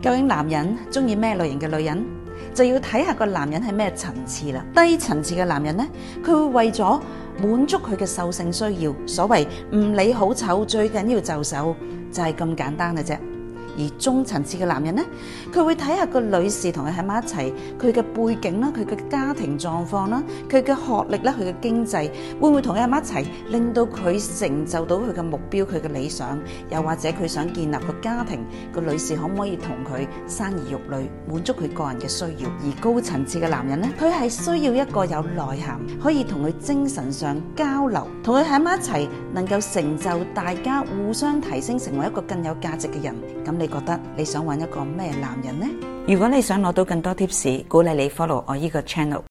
究竟男人中意咩類型嘅女人，就要睇下個男人係咩層次啦。低層次嘅男人咧，佢會為咗滿足佢嘅獸性需要，所謂唔理好醜，最緊要就手，就係咁簡單嘅啫。而中層次嘅男人呢，佢會睇下個女士同佢喺埋一齊，佢嘅背景啦，佢嘅家庭狀況啦，佢嘅學歷啦，佢嘅經濟會唔會同佢喺埋一齊，令到佢成就到佢嘅目標、佢嘅理想，又或者佢想建立個家庭，個女士可唔可以同佢生兒育女，滿足佢個人嘅需要？而高層次嘅男人呢，佢係需要一個有內涵，可以同佢精神上交流，同佢喺埋一齊，能夠成就大家互相提升，成為一個更有價值嘅人。咁你覺得你想揾一個咩男人咧？如果你想攞到更多 tips，鼓勵你 follow 我呢個 channel。